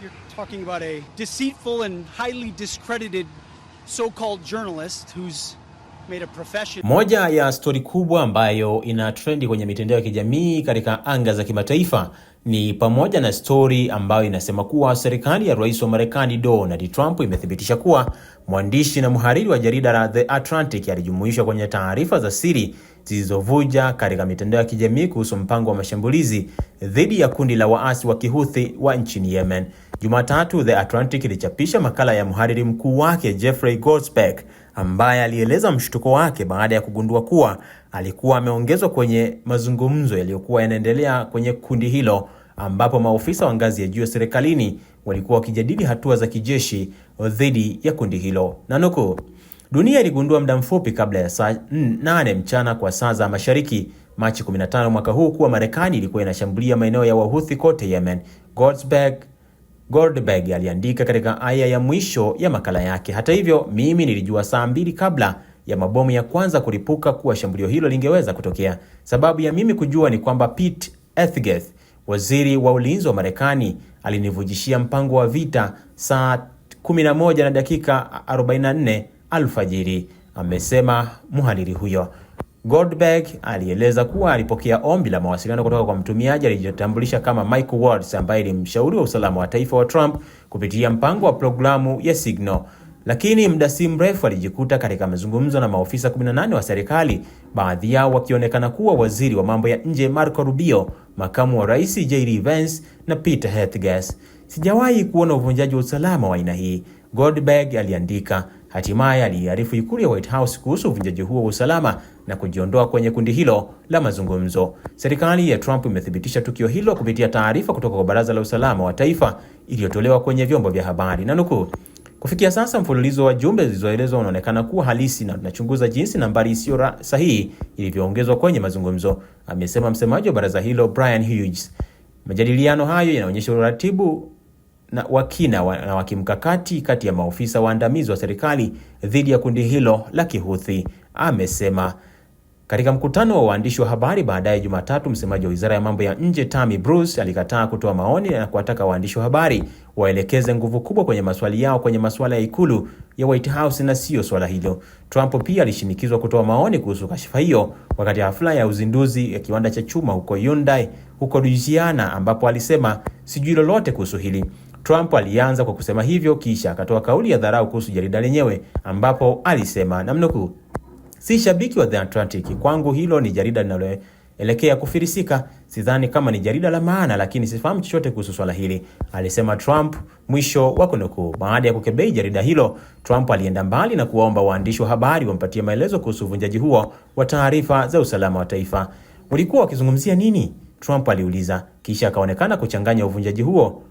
You're talking about a deceitful and highly discredited so-called journalist who's made a profession. Moja ya stori kubwa ambayo ina trendi kwenye mitandao ya kijamii katika anga za kimataifa ni pamoja na stori ambayo inasema kuwa serikali ya Rais wa Marekani Donald Trump imethibitisha kuwa mwandishi na mhariri wa jarida la The Atlantic alijumuishwa kwenye taarifa za siri zilizovuja katika mitandao ya kijamii kuhusu mpango wa mashambulizi dhidi ya kundi la waasi wa Kihuthi wa nchini Yemen. Jumatatu, The Atlantic ilichapisha makala ya mhariri mkuu wake Jeffrey Goldsbeck ambaye alieleza mshtuko wake baada ya kugundua kuwa alikuwa ameongezwa kwenye mazungumzo yaliyokuwa yanaendelea kwenye kundi hilo ambapo maofisa wa ngazi ya juu ya serikalini walikuwa wakijadili hatua za kijeshi dhidi ya kundi hilo. Nanuku, dunia iligundua muda mfupi kabla ya saa 8 mchana kwa saa za Mashariki Machi 15 mwaka huu kuwa Marekani ilikuwa inashambulia maeneo ya Wahuthi kote Yemen. Goldsberg Goldberg aliandika katika aya ya mwisho ya makala yake. Hata hivyo, mimi nilijua saa mbili kabla ya mabomu ya kwanza kulipuka kuwa shambulio hilo lingeweza kutokea. Sababu ya mimi kujua ni kwamba Pete Hegseth, waziri wa ulinzi wa Marekani, alinivujishia mpango wa vita saa 11 na dakika 44 alfajiri, amesema mhariri huyo. Goldberg alieleza kuwa alipokea ombi la mawasiliano kutoka kwa mtumiaji alijitambulisha kama Michael Waltz ambaye ni mshauri wa usalama wa taifa wa Trump kupitia mpango wa programu ya Signal. Lakini muda si mrefu alijikuta katika mazungumzo na maofisa 18 wa serikali, baadhi yao wakionekana kuwa waziri wa mambo ya nje Marco Rubio, makamu wa rais JD Vance na Peter Hegseth. Sijawahi kuona uvunjaji wa usalama wa aina hii, Goldberg aliandika hatimaye aliiarifu ikulu ya White House kuhusu uvunjaji huo wa usalama na kujiondoa kwenye kundi hilo la mazungumzo. Serikali ya Trump imethibitisha tukio hilo kupitia taarifa kutoka kwa Baraza la Usalama wa Taifa iliyotolewa kwenye vyombo vya habari na nukuu, kufikia sasa mfululizo wa jumbe zilizoelezwa unaonekana kuwa halisi na tunachunguza jinsi nambari isiyo sahihi ilivyoongezwa kwenye mazungumzo, amesema msemaji wa baraza hilo Brian Hughes. Majadiliano hayo yanaonyesha uratibu na wakina wa, na wakimkakati kati ya maofisa waandamizi wa serikali dhidi ya kundi hilo la Kihuthi, amesema. Katika mkutano wa waandishi wa habari baadaye Jumatatu, msemaji wa Wizara ya Mambo ya Nje Tammy Bruce alikataa kutoa maoni na kuwataka waandishi wa habari waelekeze nguvu kubwa kwenye maswali yao kwenye masuala ya ikulu ya White House na sio swala hilo. Trump pia alishinikizwa kutoa maoni kuhusu kashifa hiyo wakati hafla ya uzinduzi ya kiwanda cha chuma huko Hyundai huko Louisiana, ambapo alisema sijui lolote kuhusu hili. Trump alianza kwa kusema hivyo, kisha akatoa kauli ya dharau kuhusu jarida lenyewe, ambapo alisema namnukuu, si shabiki wa The Atlantic, kwangu hilo ni jarida linaloelekea kufirisika. Sidhani kama ni jarida la maana, lakini sifahamu chochote kuhusu swala hili, alisema Trump, mwisho wa kunukuu. Baada ya kukebei jarida hilo, Trump alienda mbali na kuwaomba waandishi wa habari wampatie maelezo kuhusu uvunjaji huo wa taarifa za usalama wa taifa. Ulikuwa wakizungumzia nini? Trump aliuliza, kisha akaonekana kuchanganya uvunjaji huo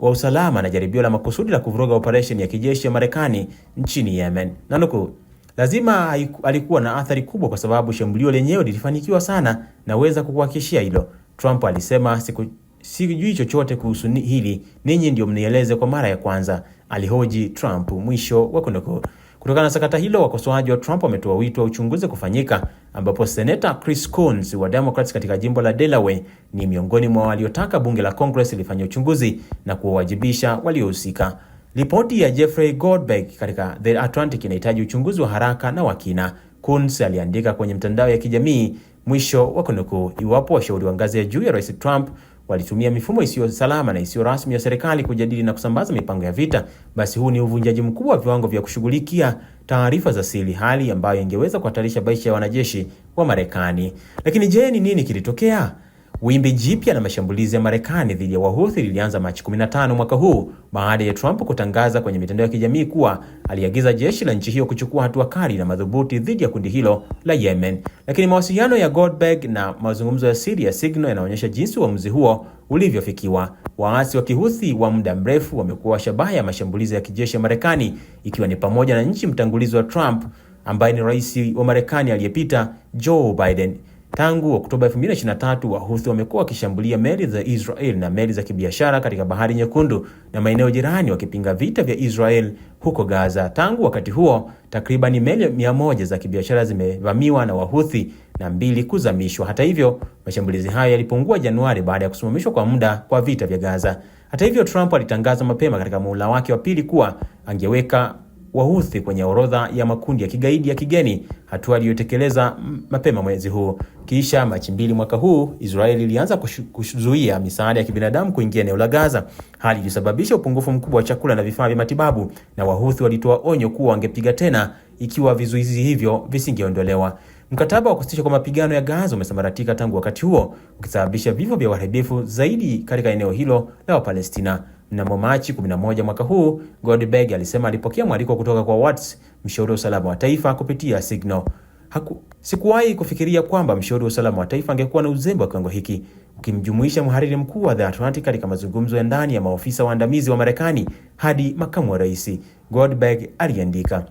wa usalama na jaribio la makusudi la kuvuruga operesheni ya kijeshi ya Marekani nchini Yemen. Nanukuu, lazima alikuwa na athari kubwa kwa sababu shambulio lenyewe lilifanikiwa sana, naweza kukuhakikishia hilo, Trump alisema. Siku sijui chochote kuhusu hili, ninyi ndio mnieleze kwa mara ya kwanza, alihoji Trump. Mwisho wa kunukuu. Kutokana na sakata hilo, wakosoaji wa Trump wametoa wito wa uchunguzi kufanyika, ambapo Senator Chris Coons wa Democrats katika jimbo la Delaware ni miongoni mwa waliotaka bunge la Congress lifanye uchunguzi na kuwawajibisha waliohusika. Ripoti ya Jeffrey Goldberg katika The Atlantic inahitaji uchunguzi wa haraka na wa kina, Coons aliandika kwenye mtandao ya kijamii, mwisho wa kunukuu. Iwapo washauri wa ngazi ya juu ya Rais Trump walitumia mifumo isiyo salama na isiyo rasmi ya serikali kujadili na kusambaza mipango ya vita, basi huu ni uvunjaji mkubwa wa viwango vya kushughulikia taarifa za siri, hali ambayo ingeweza kuhatarisha maisha ya wanajeshi wa Marekani. Lakini je, ni nini kilitokea? Wimbi jipya la mashambulizi ya Marekani dhidi ya Wahuthi lilianza Machi 15 mwaka huu baada ya Trump kutangaza kwenye mitandao ya kijamii kuwa aliagiza jeshi la nchi hiyo kuchukua hatua kali na madhubuti dhidi ya kundi hilo la Yemen. Lakini mawasiliano ya Goldberg na mazungumzo ya siri ya Signal yanaonyesha jinsi uamuzi huo ulivyofikiwa. Waasi wa Kihuthi wa muda mrefu wamekuwa shabaha ya mashambulizi ya kijeshi ya Marekani, ikiwa ni pamoja na nchi mtangulizi wa Trump ambaye ni rais wa Marekani aliyepita Joe Biden. Tangu Oktoba 2023 Wahuthi wamekuwa wakishambulia meli za Israel na meli za kibiashara katika Bahari Nyekundu na maeneo jirani wakipinga vita vya Israel huko Gaza. Tangu wakati huo, takribani meli 100 za kibiashara zimevamiwa na Wahuthi na mbili kuzamishwa. Hata hivyo, mashambulizi hayo yalipungua Januari baada ya kusimamishwa kwa muda kwa vita vya Gaza. Hata hivyo, Trump alitangaza mapema katika muhula wake wa pili kuwa angeweka Wahuthi kwenye orodha ya makundi ya kigaidi ya kigeni, hatua iliyotekeleza mapema mwezi huu. Kisha Machi mbili mwaka huu, Israeli ilianza kuzuia misaada ya kibinadamu kuingia eneo la Gaza, hali iliyosababisha upungufu mkubwa wa chakula na vifaa vya matibabu, na Wahuthi walitoa onyo kuwa wangepiga tena ikiwa vizuizi hivyo visingeondolewa. Mkataba wa kusitisha kwa mapigano ya Gaza umesambaratika tangu wakati huo, ukisababisha vifo vya uharibifu zaidi katika eneo hilo la Wapalestina. Mnamo Machi 11 mwaka huu, Goldberg alisema alipokea mwaliko kutoka kwa Watts, mshauri wa usalama wa taifa, kupitia Signal. Haku, sikuwahi kufikiria kwamba mshauri wa usalama wa taifa angekuwa na uzembe wa kiwango hiki, ukimjumuisha mhariri mkuu wa The Atlantic katika mazungumzo ya ndani ya maofisa waandamizi wa Marekani hadi makamu wa rais, Goldberg aliandika.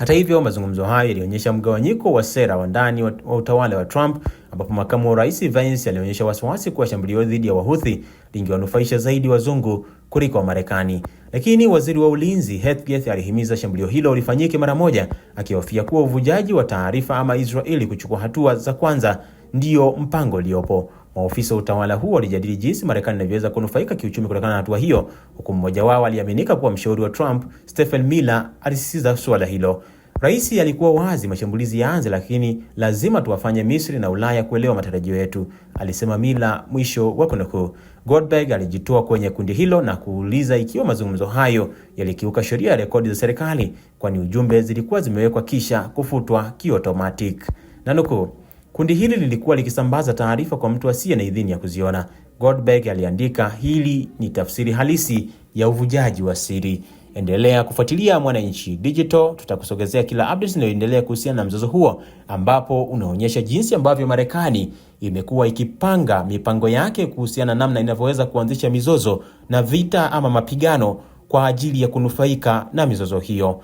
Hata hivyo, mazungumzo hayo yalionyesha mgawanyiko wa sera wa ndani wa utawala wa Trump, ambapo makamu wa rais Vance alionyesha wasiwasi kuwa shambulio dhidi ya Wahuthi lingewanufaisha zaidi wazungu kuliko Wamarekani, lakini waziri wa ulinzi Hegseth alihimiza shambulio hilo lifanyike mara moja, akihofia kuwa uvujaji wa taarifa ama Israeli kuchukua hatua za kwanza ndiyo mpango uliopo. Maofisa wa utawala huo walijadili jinsi Marekani inavyoweza kunufaika kiuchumi kutokana na hatua hiyo, huku mmoja wao aliaminika kuwa mshauri wa Trump, Stephen Miller, alisisitiza suala hilo. Rais alikuwa wazi, mashambulizi yaanze, lakini lazima tuwafanye Misri na Ulaya kuelewa matarajio yetu, alisema Miller, mwisho wa kunukuu. Goldberg alijitoa kwenye kundi hilo na kuuliza ikiwa mazungumzo hayo yalikiuka sheria ya rekodi za serikali, kwani ujumbe zilikuwa zimewekwa kisha kufutwa kiotomatiki. Nanukuu, Kundi hili lilikuwa likisambaza taarifa kwa mtu asiye na idhini ya kuziona. Goldberg aliandika, hili ni tafsiri halisi ya uvujaji wa siri. Endelea kufuatilia Mwananchi Digital, tutakusogezea kila update inayoendelea kuhusiana na mzozo huo, ambapo unaonyesha jinsi ambavyo Marekani imekuwa ikipanga mipango yake kuhusiana namna inavyoweza kuanzisha mizozo na vita ama mapigano kwa ajili ya kunufaika na mizozo hiyo.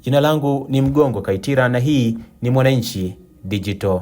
Jina langu ni Mgongo Kaitira na hii ni Mwananchi Digital.